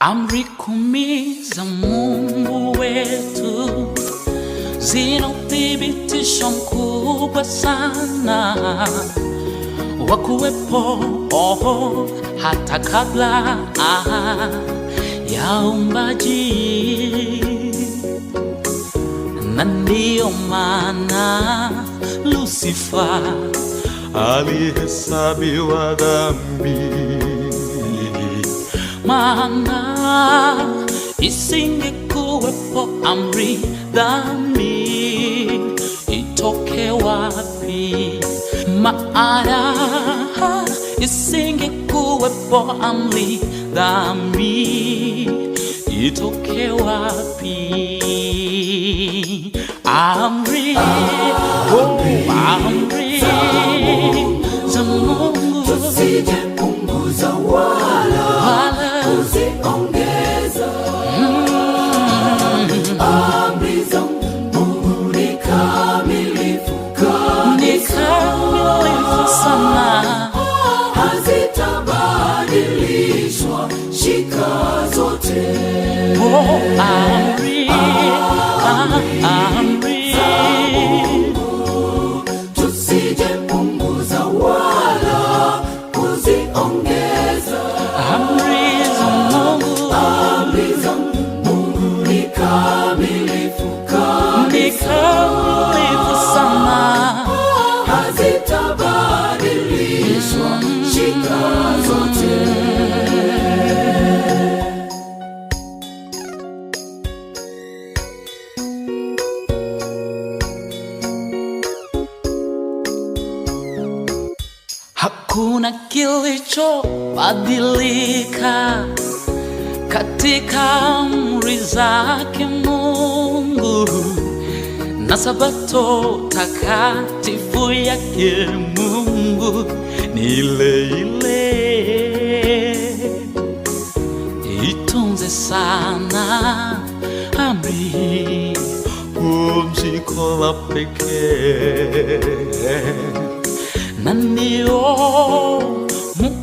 Amri kumi za Mungu wetu zina uthibitisho mkubwa sana wa kuwepo oho hata kabla ya umbaji, na ndiyo maana Lusifa alihesabiwa dhambi maana isingekuwepo amri dhambi itoke wapi? Maana isingekuwepo amri dhambi itoke wapi? amri I'm kilicho kilichobadilika katika amri zake Mungu na Sabato takatifu yake Mungu ni ile ile. Itunze sana amri, umziko la pekee 何を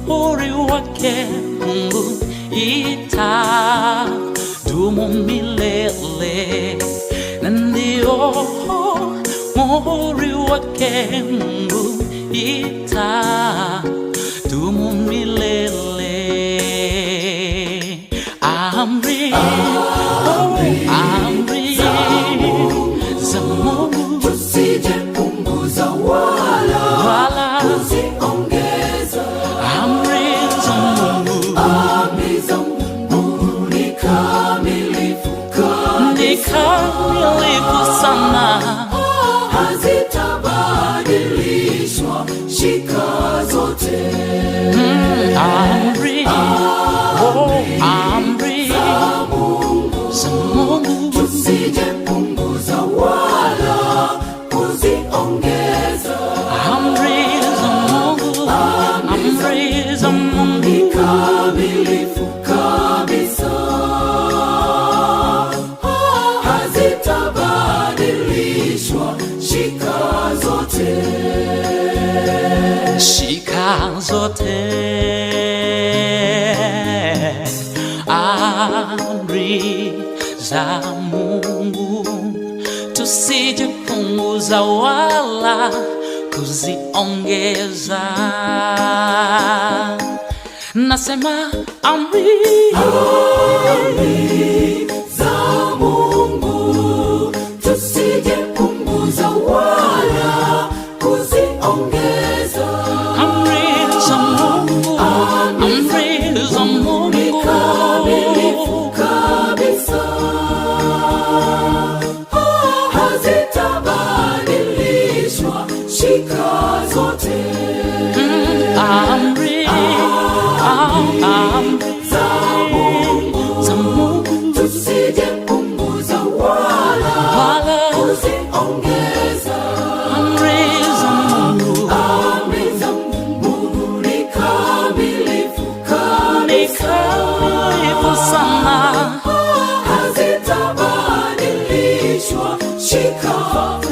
森は全部言ったどうも見れれ何を森は全部言った mkamilifu sana, hazitabadilishwa shika zote, hmm, amri, amri, ah, oh, amri. Ah. zote amri za Mungu tusijipunguza wala kuziongeza. Nasema amri, amri. Chicago.